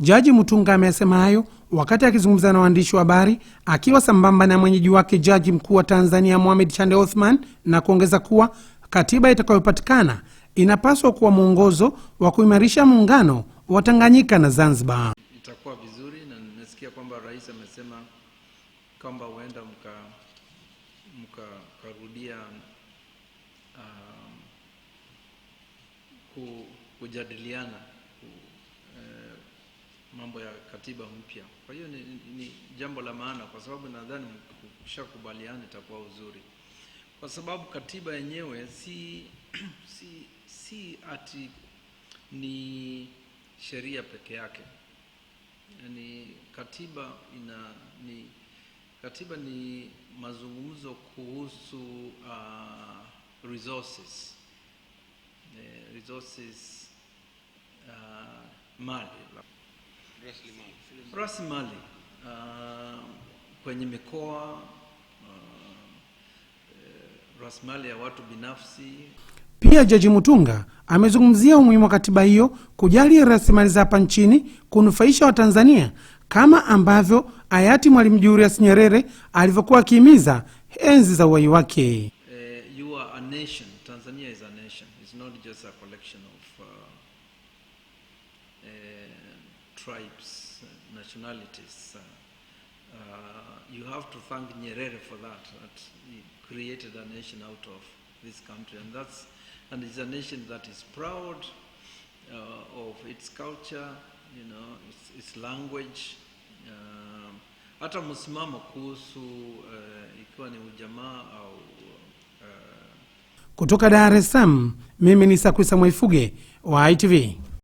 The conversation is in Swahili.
Jaji Mutunga amesema hayo wakati akizungumza na waandishi wa habari akiwa sambamba na mwenyeji wake Jaji Mkuu wa Tanzania Mohamed Chande Othman, na kuongeza kuwa katiba itakayopatikana inapaswa kuwa mwongozo wa kuimarisha muungano wa Tanganyika na Zanzibar. Itakuwa vizuri na nimesikia kwamba rais amesema kwamba huenda mkarudia mka, uh, kujadiliana mambo ya katiba mpya. Kwa hiyo ni, ni jambo la maana, kwa sababu nadhani mkishakubaliana itakuwa uzuri, kwa sababu katiba yenyewe si si si ati ni sheria peke yake. Yani katiba ina ni katiba ni mazungumzo kuhusu uh, resources eh, resources uh, mali rasilimali uh, kwenye mikoa uh, eh, rasilimali ya watu binafsi. Pia Jaji Mutunga amezungumzia umuhimu wa katiba hiyo kujali rasilimali za hapa nchini kunufaisha Watanzania kama ambavyo hayati Mwalimu Julius Nyerere alivyokuwa akihimiza enzi za uhai wake. Eh, tribes, uh, nationalities. Uh, uh, you have to thank Nyerere for that, that he created a nation out of this country. And that's, and it's a nation that is proud uh, of its culture, you know, its, its language, uh, hata msimamo kuhusu uh, ikiwa ni ujamaa au uh, kutoka Dar es Salaam, mimi ni Sakwisa Mwaifuge wa ITV.